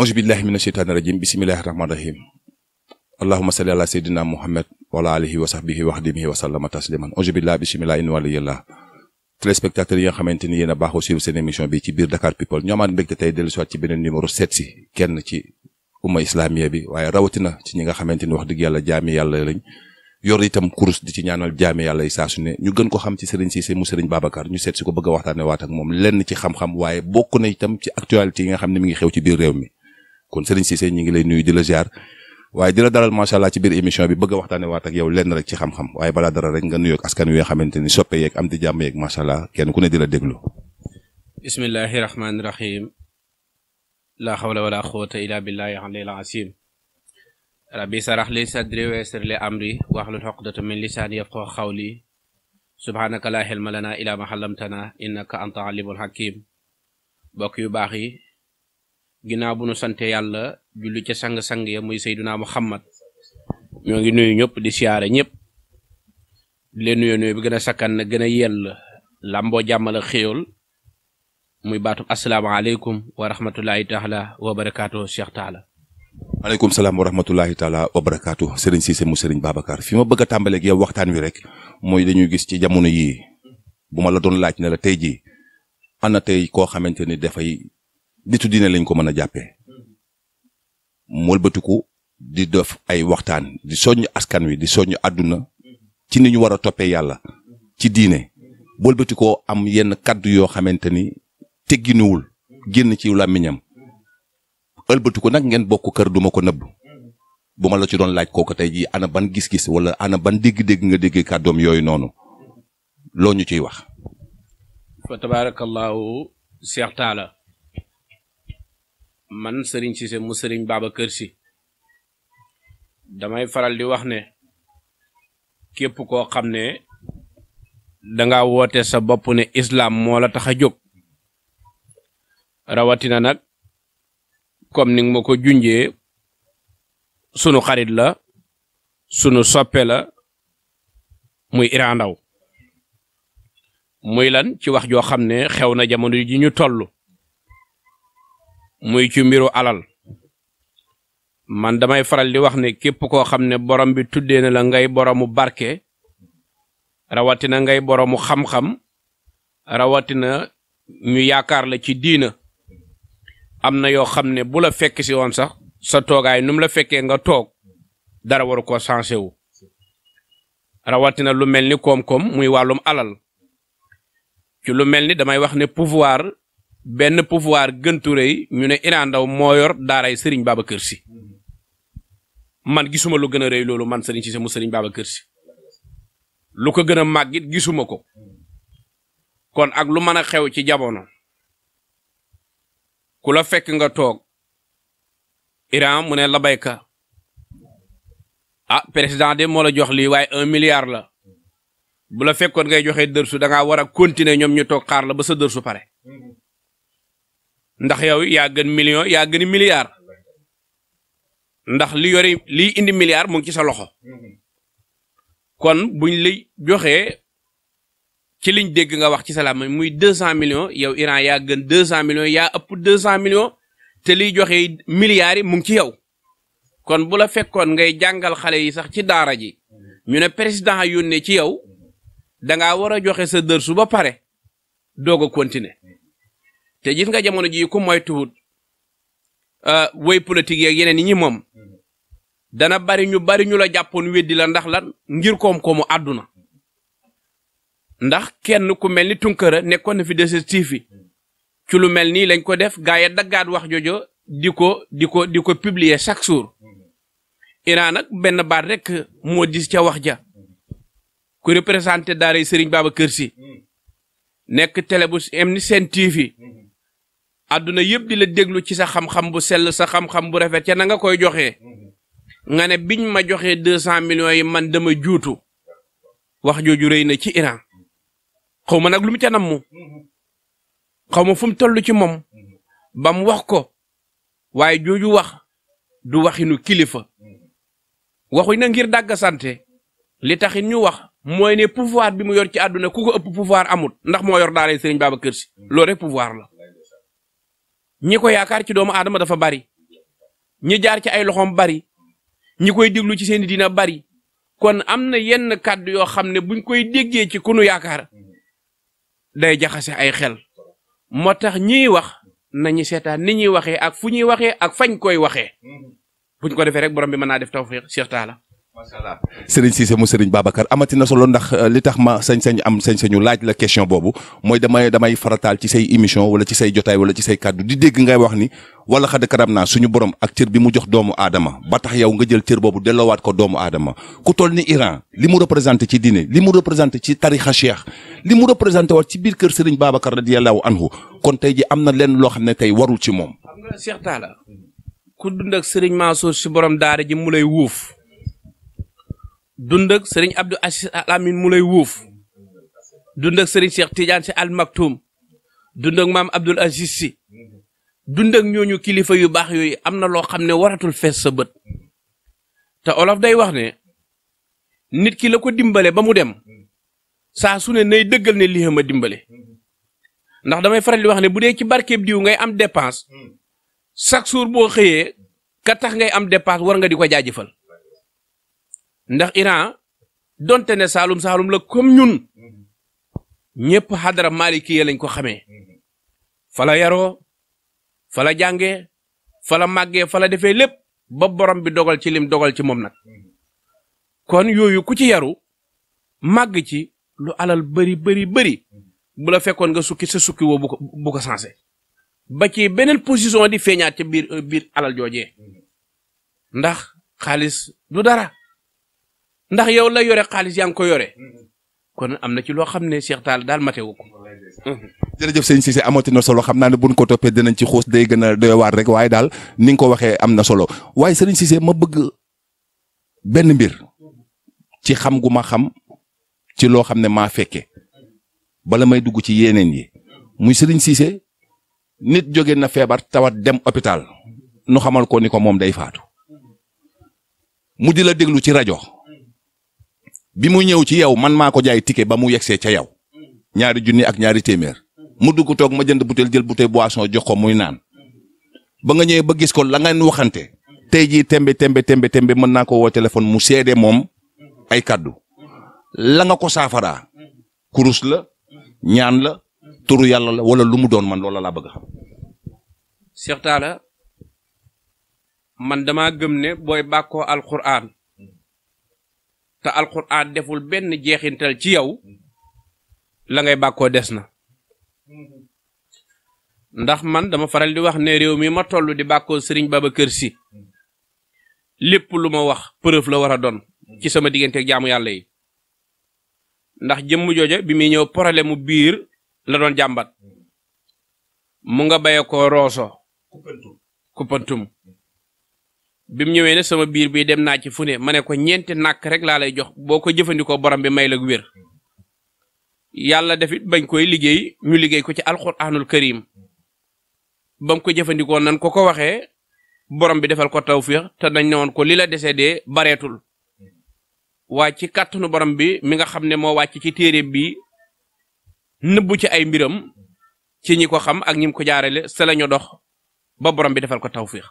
auzu billahi mina sheytaani rajim bismillahi rahmaani rahim allahuma salli ala seydina muhammad wala alihi wa sahbihi wa xadimihi wa sallama tasliman auzu billahi bismillah in waliyallah téléspectateurs yi nga xamante ni a baaxoo suivre seen émission bi ci biir Dakar People ñoo amaat mbégte tey dellu ci beneen numéro seet si kenn ci umma islamiya bi waaye rawatina ci ñi nga xamante wax dëgg yàlla jaami yàlla lañ yor itam kurus di ci ñaanal jaame yàlla saa su ñu gën ko a waxtaane waat ak moom lenn ci kon Serigne Cissé ñu ngi lay nuyu di la ziar waaye di la dalal ci biir émission bi bëgg a waxtaane waat ak yow lenn rek ci xam-xam waaye balaa dara rek nga nuyoog askan wi nga xamante ni soppe yeeg am di jàmm yeeg macha allah kenn ku ne di la déglu. bismillahi rahmaani rahim. laa xawla wala quwwata illa billahi alil asim rabbi sarax li sadri wa yassir li amri wahlul uqdatan min lisani yafqahu qawli subhanaka laa xilma lana ila ma xalamtana innaka anta alimul hakim mbokk yu baax yi ginnaaw bu nu sante yàlla julli ca sang-sang ya muy seyduna muhammad ñoo ngi nuyu ñëpp di siyaare ñëpp di leen nuyoo nuyoo bi gën a sakkan na gën a yell làmboo jàmmala xéewal muy baatub asalaamaaleykum wa rahmatulahi taala wa aleykum salaam wa rahmatulahi taala wa mu sëriñ Babacar fi ma bëgg a tàmbaleeg yow waxtaan wi rek mooy dañuy gis ci jamono yii bu ma la doon laaj ne la tey jii ana tey koo xamante ni dafay nitu diine lañ ko mën a jàppee molbatiku di def ay waxtaan di soññ askan wi di soññ àdduna ci ni ñu war a toppee yàlla ci diine molbatikoo am yenn kàddu yoo xamante ni tegginuwul génn ci làmmiñam ëlbatiku nag ngeen bokk kër duma ko nëbb bu ma la ci doon laaj kooku tey jii ana ban gis-gis wala ana ban dégg-dégg nga dégg kàddoom yooyu noonu loo ñu ciy wax. man Serigne Cissé mu Serigne kër si damay faral di wax ne képp koo xam ne danga woote sa bopp ne islaam moo la tax a jóg rawatina nag comme ni nga ma ko junjee sunu xarit la sunu soppe la muy Iran Ndao muy lan ci wax joo xam ne xew na jamono ji ñu toll muy ci mbiru alal man damay faral di wax ne képp koo xam ne borom bi tuddee na la ngay boromu barke rawatina ngay boromu xam-xam rawatina ñu yaakaar la ci diina am na yoo xam ne bu la fekk si woon sax sa toogaay nu la fekkee nga toog dara waru ko sensé wu rawatina lu mel ni koom-koom muy wàllum alal ci lu mel ni damay wax ne pouvoir benn pouvoir gëntu rëy ñu ne Iran Ndao moo yor daaray Serigne Babacar Sy man gisuma lu gën a rëy loolu man Serigne Cissé mu Serigne Babacar Sy lu ko gën a màggit gisuma ko kon ak lu mën a xew ci jamono ku fekk nga toog Iran mu ne la bayka ah président de moo la jox lii waaye un milliard la bu la fekkoon ngay joxe dërsu da ngaa war a continuer ñoom ñu toog xaar la ba sa dërsu pare. ndax yow yaa gën million yaa gën milliard ndax li yori liy indi milliard mu ngi ci sa loxo kon buñ lay joxee ci liñ dégg nga wax ci sa salaam muy deux cent millions yow Iran yaa gën deux cent yaa ëpp deux cent millions te liy joxe milliards yi mu ci yow kon bu la fekkoon ngay jàngal xale yi sax ci daara ji ñu ne président a yónnee ci yow da ngaa war a joxe sa dërsu ba pare doog a continuer te gis nga jamono jii ku moytuwut euh, woy politique yeeg yeneen ñi moom dana bari ñu bari ñu la jàppoon weddi la ndax lan ngir koom-koomu àdduna ndax kenn ku mel ni tunkara nekkoon na fi des tiifi ci lu mel nii lañ ko def gaa ya daggaat wax joojo di ko di ko di ko publier chaque jour Iran nag benn baat rek moo dis ca wax ja ku représenté daaray Serigne Babacar Sy nekk télé bu ni seen tiifi àdduna yëpp di la déglu ci sa xam-xam bu sell sa xam-xam bu rafet ca na nga koy joxe nga ne biñ ma joxee deux cent millions yi man dama juutu wax jooju rëy na ci Iran xaw ma nag lu mu ca namm xaw ma fu mu toll ci moom ba mu wax ko waaye jooju wax du waxinu kilifa waxuñ na ngir dàgg sante li taxit ñu wax mooy ne pouvoir bi mu yor ci àdduna ku ko ëpp pouvoir amut ndax moo yor daara Serigne Babacar Sy loolu rek pouvoir la ñi ko yaakaar ci doomu aadama dafa bari ñi jaar ci ay loxoom bari ñi koy déglu ci seen dina bari kon am na yenn kàddu yoo xam ne buñ koy déggee ci kunu yaakaar day jaxase ay xel moo tax ñiy wax na nañu seetaan ni ñuy waxee ak fu ñuy waxee ak fañ koy waxee ñu ko defee rek borom bi mën naa def tawfiq Cheikh Talla macha allah mu Serigne Babacar amati solo ndax euh, li tax ma sañ sañu laaj la question boobu mooy damay damay farataal ci say émission wala ci say jotaay wala ci say kàddu di dégg ngay wax ni wala xad karam naa suñu borom ak cër bi mu jox doomu aadama ba tax yow nga jël cër boobu delloowaat ko doomu aadama ku toll ni Iran li mu représenté ci diine li mu représenté ci tarixa cheikh li mu représenté waat ci biir kër Serigne Babacar radiyallahu anhu kon tey ji am dund ak sëriñ Abdou Aziz Al Amin mu lay wuuf dund ak sëriñ Cheikh Tidiane si Al Maktoum dund ak maam Abdoul Aziz si dund ñooñu kilifa yu baax yooyu am na loo xam ne waratul fees sa bët te olof day wax ne nit ki la ko dimbale ba mu dem saa su ne nay dëggal ne lii ma dimbale ndax damay faral di wax ne bu dee ci barkeeb diw ngay am dépense chaque jour boo xëyee ka tax ngay am dépense war nga di ko jaajëfal. ndax Iran donte ne Saalum Saalum la comme ñun ñëpp xadara malikiya lañ ko xamee fala yaroo fala jànge fala màggee fala defee lépp ba borom bi dogal ci lim dogal ci moom nag kon yooyu ku ci yaru màgg ci lu alal bëri bëri bëri bu la fekkoon nga sukki sa sukki woo bu ko bu ko ba ci beneen position di feeñaat ca biir biir alal joojee ndax xaalis du dara ndax yow la yore xaalis yaa ngi ko yore mm-hmm. kon am na ci loo xam ne Cheikh Tall daal matewu ko. Mm-hmm. jërëjëf sëñ Cissé amati na solo xam naa ne buñ ko toppee dinañ ci xoos day gën a doy rek waaye daal ni nga ko waxee am na solo waaye sëriñ Cissé ma bëgg benn mbir ci xam gu ma xam ci loo xam ne maa fekke bala may dugg ci yeneen yi muy sëriñ Cissé nit jóge na feebar tawat dem hôpital nu xamal ko ni ko moom day faatu mu di la déglu ci rajo. bi mu ñëw ci yow man maa ko jaay ticket ba mu yegsee ca yow ñaari junni ak ñaari téeméer mu dugg toog ma jënd butéel jël butéel boisson jox ko muy naan ba nga ñëwee ba gis ko langa ngeen waxante tey jii tembe tembe tembe mën naa ko woo téléphone mu seede moom ay kàddu la nga ko saafaraa kurus la ñaan la turu yàlla la wala lu mu doon man loola laa bëgg a xam. Cheikh Talla man damaa gëm ne booy bàkkoo alquran te alxuraan deful benn jeexintal ci yow la ngay bàkkoo des na ndax man dama faral di wax ne réew mi ma toll di bàkkoo sëriñ ba ba kër Si lépp lu ma wax preuve la war a doon ci sama diggante jaamu yàlla yi ndax jëmm jooja bi muy ñëw problème mu biir la doon jàmbat mu nga baye ko roosoo kuppantum bi mu ñëwee ne sama biir bi dem naa ci fu ne ma ne ko ñeenti nàkk rek laa lay jox boo ko jëfandikoo borom bi may la wér yàlla defit bañ koy liggéey ñu liggéey ko ci alxuraanul karim ba mu ko jëfandikoo nan ko ko waxee borom bi defal ko tawfiix te dañ ne woon ko lii la desee décédé bareetul waa ci kàttanu borom bi mi nga xam ne moo wàcc ci téere bi nëbbu ci ay mbiram ci ñi ko xam ak ñi ko jaarale sa la ñu dox ba borom bi defal ko tawfiix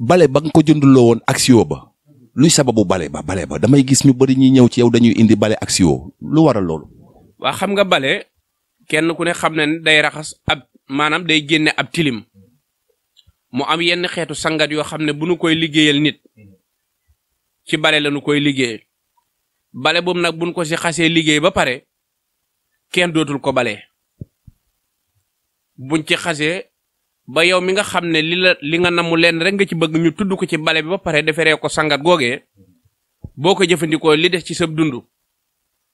bale ba nga ko jënduloo woon ak ba luy sababu bale ba bale ba damay gis ñu bëri ñuy ñëw ci yow dañuy indi bale ak siwo lu waral loolu. waa xam nga bale kenn ku ne xam na ne day raxas ab maanaam day génne ab tilim mu am yenn xeetu sangat yoo xam ne bu nu koy liggéeyal nit ci bale la nu koy liggéey bale boobu nag buñ ko si xasee liggéey ba pare kenn dootul ko bale buñ ci xasee ba yow mi nga xam ne li la li nga namu leen rek nga ci bëgg ñu tudd ko ci bale bi ba pare deferee ko sangat googee boo ko jëfandikoo li des ci sa dund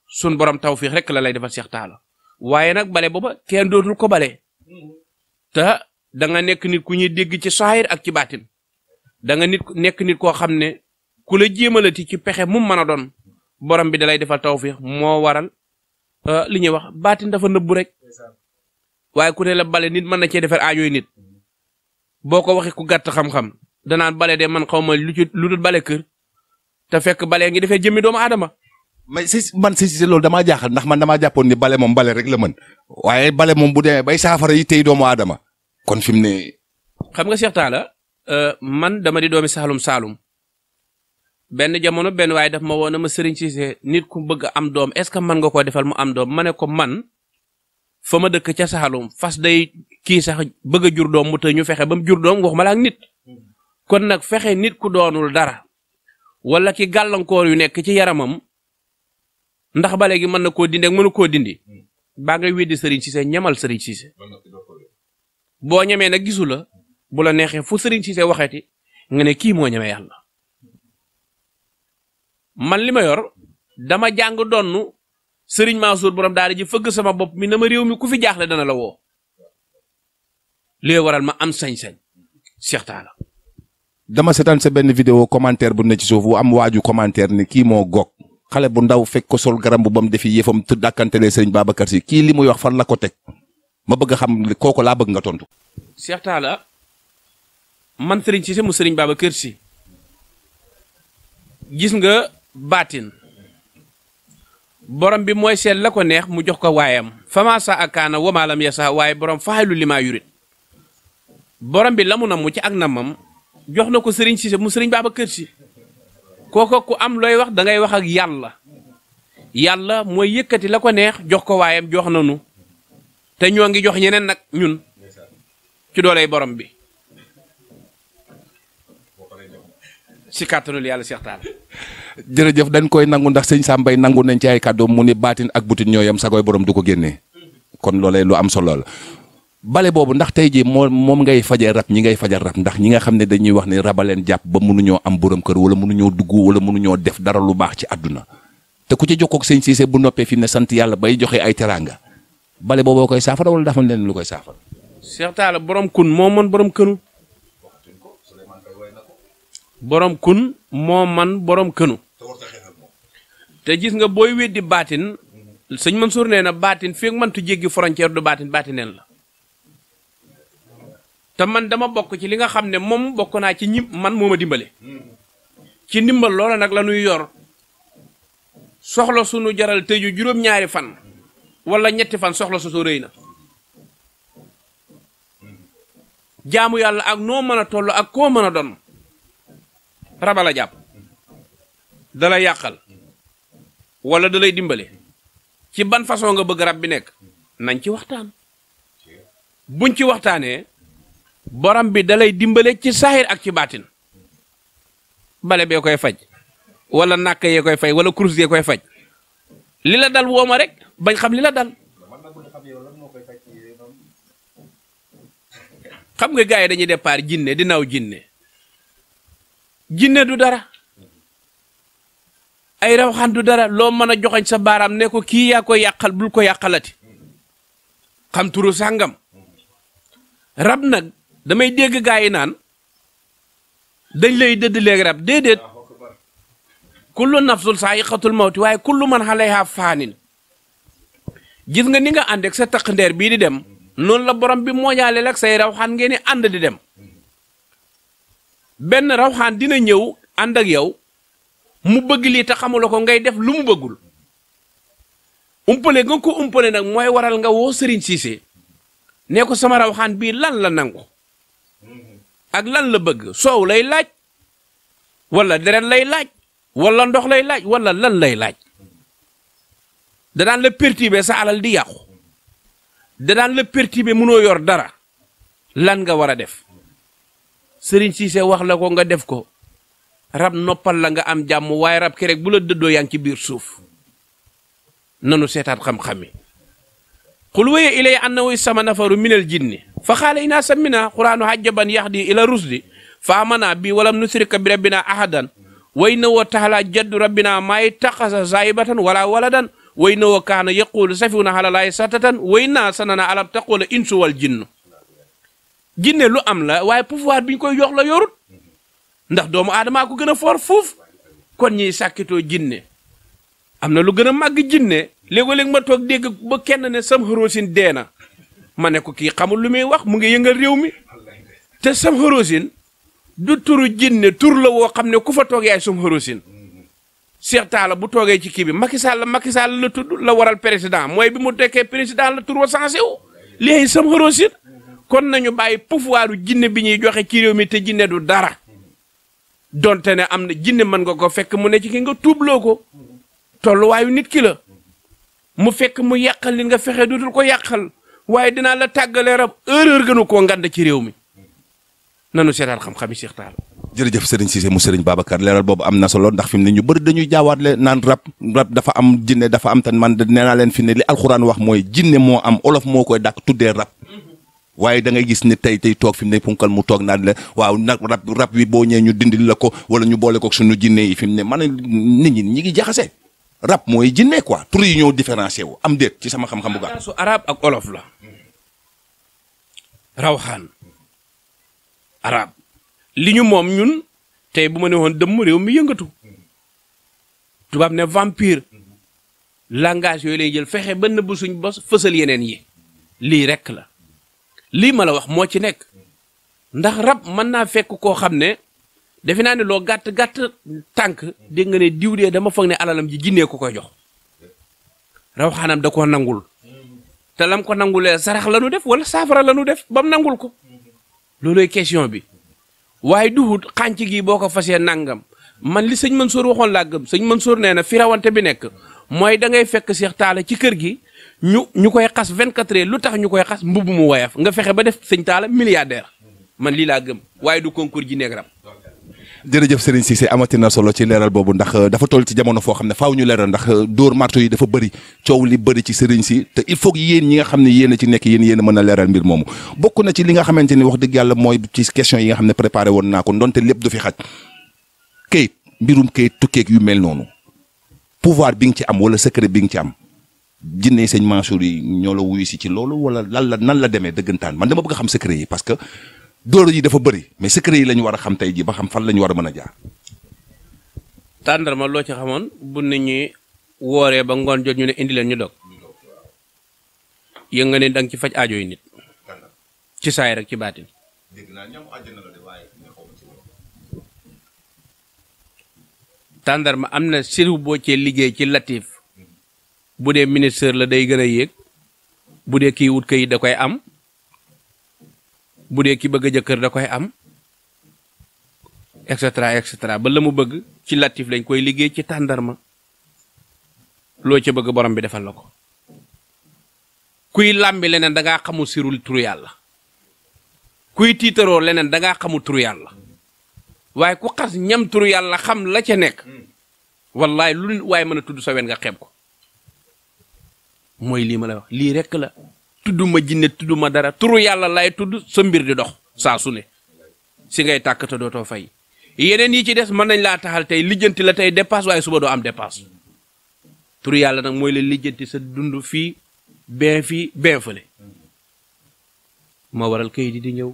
sun borom tawfiix rek la lay defal Seex Taala waaye nag bale booba kenn dootul ko bale te danga nekk nit ku ñuy dégg ci saahir ak ci baatin da nga nit nekk nit koo xam ne ku la jéemalati ci pexe mu mën a doon borom bi da lay defal tawfiix moo waral euh, li ñuy wax baatin dafa nëbbu rek waaye ku ne la bale nit mën na cee defar aajooy nit boo ko waxee ku gàtt xam-xam danaan bale de man xaw ma lu dul bale kër te fekk bale ngi defee jëmmi doomu aadama. may si man si si loolu damaa jaaxal ndax man damaa jàppoon ni bale moom bale rek la mën waaye bale moom bu demee bay saafara yi tey doomu aadama kon fi mu ne. xam nga Cheikh Talla euh, man dama di doomi Saalum Saalum benn jamono benn waaye daf ma woon na ma sëriñ Cissé nit ku bëgg am doom est-ce que mën nga koo defal mu am doom ma ne ko man fa ma dëkk ca Saalum kii sax bëgg a jur doom mu te ñu fexe ba mu jur doom waxuma la ak nit kon nag fexe nit ku doonul dara wala ki gàllankoor yu nekk ci yaramam ndax ba léegi mën na koo dindi ak mënu koo dindi baa ngay weddi sëriñ Cissé ñemal Serigne Cissé boo ñemee nag gisu bu la neexee fu Serigne Cissé waxeeti nga ne kii moo ñemee yàlla man li ma yor dama jàng donnu Serigne Mansour borom daara ji fëgg sama bopp mi na ma réew mi ku fi jaaxle dana la woo. lee waral ma am sañ-sañ dama seetaan sa benn vidéo commentaire bu ne ci suuf bu am waaju commentaire ni kii moo goog xale bu ndaw fekk ko sol garam bu bam defi yëfam tudd àkkantelee sëriñ Babacar si kii li muy wax fan la ko teg ma bëgg a xam kooku laa bëgg nga tontu. Cheikh Talla man sëriñ si mu si gis nga baatin borom bi mooy seet la ko neex mu jox ko waayam. Famaasa akaana wamaalam yasa waaye borom faxalu li maa yurit borom bi lamu na mu ci ak namam jox na ko sëriñ Cissé mu sëriñ Babacar Sy kooko ku am looy wax dangay wax ak yàlla yàlla mooy yëkkati la ko neex jox ko waayam jox nanu te ñoo ngi jox ñeneen nag ñun ci dooley borom bi si kàttanul yàlla Seex Taal jërëjëf dañ koy nangu ndax sëñ Sambay nangu nañ ci ay kàddoom mu ni baatin ak butin ñooyam sagoy borom du ko génnee kon loolee lu am solo la bale boobu ndax tey jii moo moom ngay fajal rab ñi ngay fajal rab ndax ñi nga xam ne dañuy wax ne rabaleen jàpp ba mënuñoo am borom kër wala mënuñoo dugg wala mënuñoo def dara lu baax ci àdduna te ku ci jokkoog sëñ Cissé bu noppee fi ne sant yàlla bay joxee ay teraanga bale booboo koy saafara wala dafa leen lu koy saafara. Cheikh Talla borom kun moo man borom kënu. borom kun man borom kënu. te gis nga booy weddi baatin. sëñ Mansour nee na baatin feeg mantu jéggi frontière du baatin baatineen la. te man dama bokk ci li nga xam ne moom bokk naa ci ñi man moo ma dimbale ci ndimbal loola nag la ñuy yor soxla sunu jaral tëju juróom-ñaari fan wala ñetti fan soxla su réy na jaamu yàlla ak noo mën a toll ak koo mën a doon rabal a jàpp dalay yàqal wala dalay dimbale ci ban façon nga bëgg rab bi nekk nañ ci waxtaan buñ ci waxtaanee borom bi dalay dimbale ci saaxir ak ci baatin bale bee koy faj wala nàkk yee koy faj wala kurus yee koy faj li la dal wooma rek bañ xam li la dal xam nga gars yi dañuy départ jinne di naw jinne jinne du dara ay rawxaan du dara loo mën a joxañ sa baaraam ne ko kii yaa koy yàqal bul ko yàqalati xam turu sàngam rab nag damay dégg gaa yi naan dañ lay dëdd léegi rab déedéet kullu nafsul saa yiqatul mawti waaye kullu man alayha faanin gis nga ni nga ànd ak sa taq ndeer bii di dem noonu la borom bi mooñaaleel ak say rawxaan ngeen di ànd di dem benn rawxaan dina ñëw ànd ak yow mu bëgg lii te xamula ko ngay def lu mu bëggul umpale nga ko umpale nag mooy waral nga woo Serigne Cissé ne ko sama rawxaan bii lan la nangu ak lan la bëgg soow lay laaj wala deret lay laaj walla ndox lay laaj wala lan lay laaj danaan la perturber sa alal di yàqu danaan la perturber mënoo yor dara lan nga war a def Serigne Cissé wax la ko nga def ko rab noppal la nga am jàmm waaye rab ki bu la dëddoo yaa ci biir suuf nanu seetaan xam-xam yi qul waye ilay annahu sama nafaru minal jinni fa xaala inaa sammina quranu hajjaban yahdi ila rusdi fa amana bi walam nusrika bi rabbina ahadan wa innahu taala jaddu rabbina ma ittaxasa saahibatan wala waladan wa innahu kaana yaqulu safihuna ala laahi satatan wa inna sanana alam taqula insu jinnu jinne lu am la waaye pouvoir bi ñu koy jox la yorut ndax doomu aadamaa ko gën a foor fuuf kon ñi sàkkitoo jinne am na lu gën a màgg jinne léego-léeg ma toog dégg ba kenn ne sam deena ma ne ko kii xamul lu muy wax mu ngi yëngal réew mi te Samhorosine du turu jinne tur la woo xam ne ku fa toog yaay Samhorosine Cheikh Talla bu toogee ci kii bi Macky la Macky Sall la tudd la waral président mooy bi mu tekkee président la tur wa sensé wu léegi Samhorosine kon nañu bàyyi pouvoiru jinne bi ñuy joxe ci réew mi te jinne du dara donte ne am na jinne mën nga ko fekk mu ne ci ki nga tuubloo ko tolluwaayu nit ki la mu fekk mu yàqal li nga fexe dootul ko yàqal waaye dinaa la tàggalee rab erreur gënu koo ngand ci réew mi nanu seetaat xam-xami Cheikh Talla jërëjëf Serigne Cissé mu Serigne Babacar leeral boobu am na solo ndax fi mu ne ñu bëri dañuy jaawaatle naan rab rab dafa am jinne dafa am tan man nee naa leen fi ne li alxuraan wax mooy jinne moo am olof moo koy dàq tuddee rab waaye da ngay gis ne tey tey toog fi mu ne punkal mu toog naan la waaw nag rab rab wi boo ñëwee ñu dindil la ko wala ñu boole ko suñu jinne yi fi mu ne man nit ñi ñi ngi jaxase rab mooy jinne quoi tur yi ñoo différencié wu am déet ci sama xam bu gaaw su arab ak olof la rawxaan arab li ñu moom ñun tey bu ma ne woon dëmm réew mi yëngatu tubaab ne vampire langage yooyu lay jël fexe ba nëbb suñ bos fësal yeneen yi lii rekk la lii ma la wax moo ci nekk ndax rab mën naa fekk koo xam ne defe naa ne loo gàtt gàtt tànk dégg nga ne diw dama foog ne alalam ji jinnee ko koy jox rawxaanam da koo nangul te lam ko nangulee sarax la nu def wala saafara la nu def ba mu nangul ko looloy question bi waaye duhut xànc gi boo ko fasee nangam man li sëñ Mansour waxoon laa gëm sëñ Mansour nee na fi rawante bi nekk mooy dangay fekk Seex Taala ci kër gi ñu ñu koy xas 24 heures lu tax ñu koy xas mbubb mu woyaf nga fexe ba def sëñ Taala milliardaire man lii laa gëm waaye du concours ji néegram jërëjëf Serigne Cissé amati na solo ci leeral boobu ndax euh, dafa toll ci jamono foo xam ne faaw ñu leeral ndax euh, dóor marto yi dafa bëri coow li bëri ci Serigne si te il faut yéen ñi nga xam ne yéen a ci nekk yéen yéen mën a leeral mbir moomu bokk na ci li nga xamante ni wax dëgg yàlla mooy ci question yi nga xam ne préparé woon naa ko ndonte lépp du fi xaj kayit mbirum kayit tukkeeg yu mel noonu pouvoir bi nga ci am wala secret bi nga ci am jinne sëñ Mansour yi ñoo la si ci loolu wala lan la nan la demee dëggantaan man dama bëgg xam secret yi dóor yi dafa bari mais secret yi la ñu war a xam tey jii ba xam fan la ñu war a mën a jaar. tàndarma loo ci xamoon bu nit ñi wooree ba ngoon jot ñu ne indi leen ñu dog yënga ne danga nga ci faj aajo yi nit ci saay rek ci baatin. tàndarma am na siru boo cee liggéey ci latif bu dee ministre la day gën a yéeg bu dee kii wut yi da koy am. bu dee ki bëgg a jëkkër da koy am et cetera et cetera ba la mu bëgg ci latif lañ koy liggéey ci tàndarma loo ca bëgg borom bi defal la ko kuy làmbi leneen dangaa ngaa xamul sirul turu kuy tiitaroo leneen da ngaa xamul turu yàlla waaye ku xas ñam turu yàlla xam la ca nekk wallaay lu waaye mën a tudd sa wen nga xeeb ko mooy lii ma la wax lii rekk la tudduma jinne tudduma dara turu yàlla lay tudd sa mbir di dox saa su si ngay tàkk te dootoo fay yeneen yi ci des mën nañ laa taxal tey lijjanti la tey dépasse waaye suba doo am dépasse turu yàlla nag mooy la lijjanti sa dund fii benn fii benn fële moo waral këyit yi di ñëw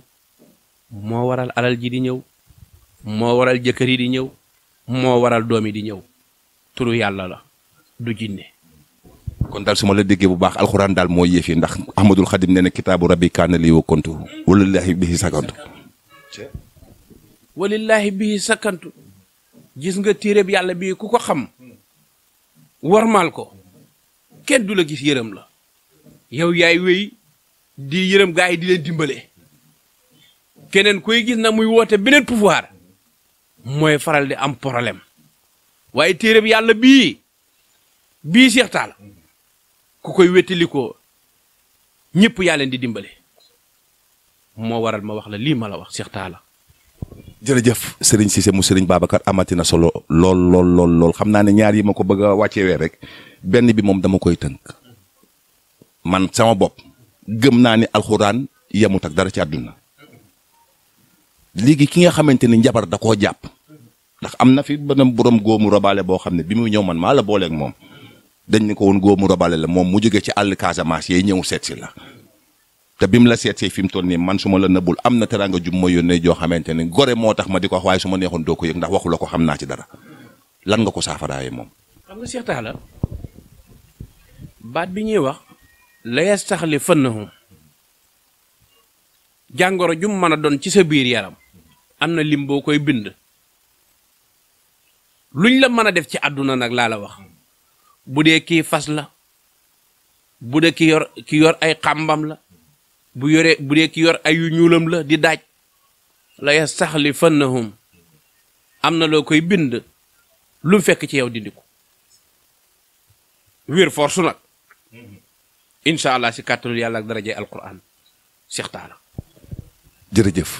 moo waral alal ji di ñëw moo waral jëkkër yi di ñëw moo waral doom yi di ñëw turu yàlla la du jinne kon daal su la déggee bu baax alxuraan daal moo yéefi ndax ahmadul xadim nee na kitaabu rabbi kaana lii wa kontu walillaahi bihi sakantu walillaahi bihi sakantu gis nga téereb yàlla bii ku ko xam warmaal ko kenn du la gis yërëm la yow yaay wéy di yërëm gaa di leen dimbale keneen kuy gis na muy woote beneen pouvoir mooy faral di am problème waaye téereb yàlla bii bii seextaal ku koy wétalikoo ñëpp yaa leen di dimbale moo waral ma wax la lii ma la wax Cheikh Talla. jërëjëf si Cissé mu sëriñ Babacar amati na solo lool lool lool xam naa ne ñaar yi ma ko bëgg a wàccewee rek benn bi moom dama koy tënk man sama bopp gëm naa ni alxuraan yemut ak dara ci àdduna léegi ki nga xamante ni njabar da koo jàpp ndax am na fi benn borom góomu robaale boo xam ne bi muy ñëw man maa la booleeg moom. dañ ne ko woon góor mu robale la moom mu jóge ci àll Casamance yee ñëw seet si la te bi mu la seet see fi mu toll nii man su ma la nëbbul am na teraanga jub ma yónnee joo xamante ni gore moo tax ko wax waaye su ma neexoon doo ko yëg ndax waxu la ko xam nga ko saafaraayee moom. xam nga Cheikh Talla bi ñuy wax. la yastaxli fannahu jàngoro jum mën a doon ci sa biir yaram am na lim boo koy bind luñ la mën a def ci àdduna nag laa la wax. bu dee kii fas la bu dee ki yor ay xàmbam la bu yoree bu dee ki yor ay yu ñuulam la di daaj la saxli yastaxlifannahum am na loo koy bind lu mu fekk ci yow dindi ko wér force nag incha allah si kàttanul yàlla ak daraje alquran Cheikh Talla jërëjëf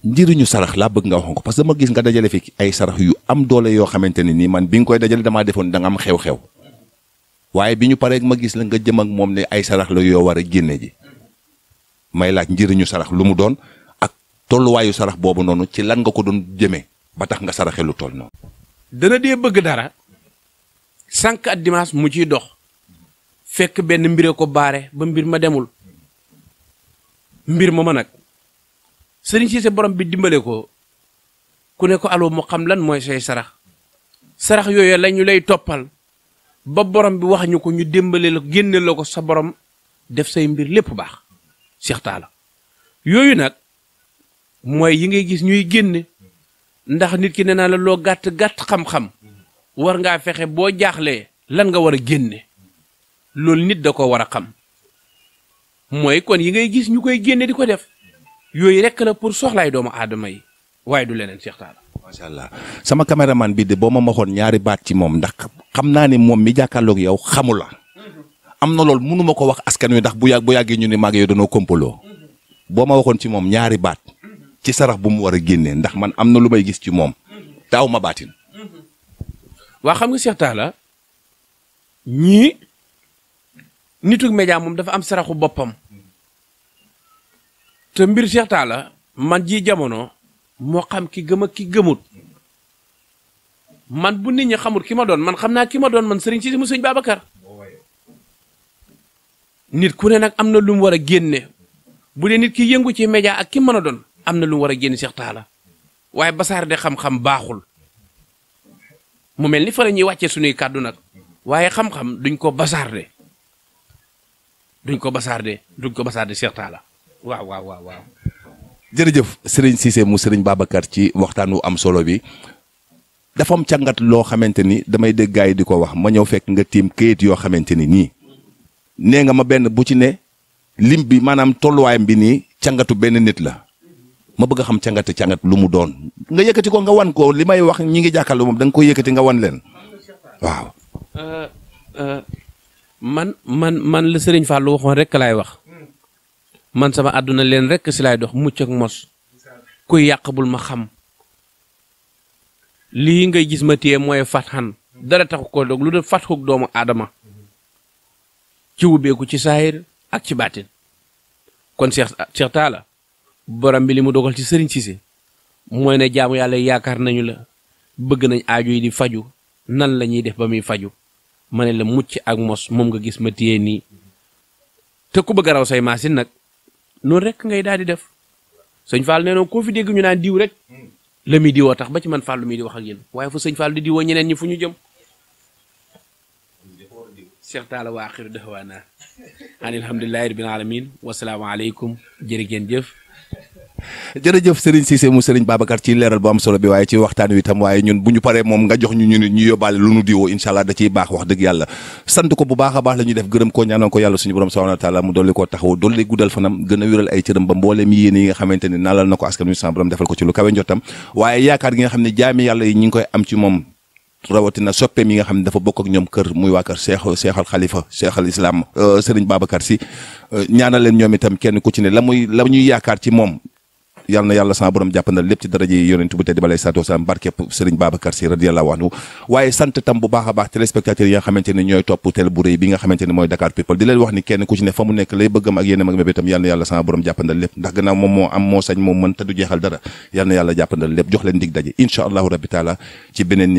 njëriñu sarax laa bëgg nga xonq ko parce que dama gis nga dajale fi ay sarax yu am doole yoo xamante ne nii man bi nga koy dajale damaa defoon da nga am xew-xew waaye bi ñu paree ma gis la nga jëm ak moom ne ay sarax la yoo war a génne ji may laaj njëriñu sarax lu mu doon ak tolluwaayu sarax boobu noonu ci lan nga ko doon jëmee ba tax nga saraxe lu toll noonu. dana dee bëgg dara sànq ak dimanche mu ciy dox fekk benn mbire ko baare ba mbir ma demul mbir ma ma nag sëriñ Cissé borom bi dimbale ko ku ne ko aloo mu xam lan mooy say sarax sarax yooyu lañu lay toppal ba borom bi wax ñu ko ñu démbale la génne la ko sa borom def say mbir lépp baax Cheikh Talla yooyu nag mooy yi ngay gis ñuy génne ndax nit ki nee naa la loo gàtt gàtt xam-xam war ngaa fexe boo jaaxlee lan nga war a génne loolu nit da ko war a xam mooy kon yi ngay gis ñu koy génne di ko def yooyu rek la pour soxlaay doomu aadama yi waaye du leneen Cheikh Talla. macha allah sama man bi de boo ma waxoon ñaari baat ci moom ndax xam naa ne moom mi jàkkaarloog yow xamu la am na loolu mënu ko wax askan wi ndax bu yàgg bu yàggee ñu ne maag yow danoo kompaloo boo ma waxoon ci moom ñaari baat ci sarax bu mu war a génnee ndax man am na lu may gis ci moom daaw ma baatin. waa xam nga Cheikh la ñii nituk média moom dafa am saraxu boppam. te mbir Cheikh Talla man ji jamono moo xam ki gëm ak ki gëmut man bu nit ñi xamul ki ma doon man xam naa ki ma doon man sëriñ si mu sëñ Babacar nit ku ne nag am na lu mu war a génne bu dee nit ki yëngu ci média ak ki mën a doon am na lu mu war a génne Cheikh Talla waaye basaar de xam-xam baaxul mu mel ni fa la ñuy wàccee suñuy kàddu nag waaye xam-xam duñ ko basaar de duñ ko basaar de duñ ko basaar de waaw waaw waaw waaw. jërëjëf sëriñ Cissé mu Serigne Babacar ci waxtaan wu am solo bi dafa am càngat loo xamante ni damay dégg gars yi di ko wax ma ñëw fekk nga tiim këyit yoo xamante ni nii nee nga ma benn bu ci ne lim bi maanaam tolluwaayam bi nii càngatu benn nit la ma bëgg a xam càngat càngat lu mu doon. nga yëkkati ko nga wan ko li may wax ñi ngi jàkkaarloo moom da nga ko yëkkati nga wan leen waaw. Euh, euh, man man man la Serigne Fallou waxoon rek laay wax. man sama àdduna leen rekk si laay dox mucc ak mos kuy yàq bul ma xam lii ngay gis ma téye mooy fatxan dara taxu ko dog lu dul fatxuk doomu aadama ci wubbeeku ci saahir ak ci baatin kon Cheikh Cheikh Talla borom bi li mu dogal ci sëriñ Cissé mooy ne jaamu yàlla yaakaar nañu la bëgg nañ aaju yi di faju nan lañuy def ba muy faju ma ne la mucc ak mos moom nga gis ma téye nii te ku bëgg a raw say maasin nag noonu rek ngay daal di def sëñ Fall nee na koo fi dégg ñu naan diw rek la muy diwoo tax ba ci man Fall lu muy di wax ak yéen waaye fo sëñ Fall di diwoo ñeneen ñi fu ñu jëm. Cheikh Talla wa axiru dahwaana an alhamdulilahi rabbil alamin wasalaamu aleykum jërë ngeen jëf. jërëjëf Serigne Cissé mu Serigne Babacar ci leeral bu am solo bi waaye ci waxtaan wi tam waaye ñun bu ñu paree moom nga jox ñu ñu nit ñu yóbbaale lu nu diwoo incha allah da ciy baax wax dëgg yàlla la ñuy def gërëm ko ñaanal ko yàlla suñu borom subhanahu wa taala mu dolli koo taxaw dolli guddal fanam gën a wéral ay cëram ba mbooleem yéene yi nga xamante ne naalal na ko askan ko ci moom rawatina soppe mi nga xam ne dafa bokk ak ñoom kër muy waa kër seex seexal xalifa seexal islam euh, sëriñ Babacar si euh, ñaanal leen ñoom itam kenn ku ci ne la muy la ñuy yaakaar ci moom yàlla na yàlla sama borom jàppandal lépp ci daraje yonent bu tedd bi salaatu wasalaam barkepp Serigne Babacar Sy radiyallahu anhu waaye sant tam bu baax a baax téléspectateurs yi nga xamante ne ñooy topp télé bu rëy bi nga xamante ne mooy Dakar People di leen wax ni kenn ku ci ne fa mu nekk lay bëggam ak yéenam ak mébétam yàlla na yàlla sama borom jàppandal lépp ndax gannaaw moom moo am moo sañ moom mën te du jeexal dara yàlla na yàlla jàppandal lépp jox leen dig daje incha allahu rabbi taala ci beneen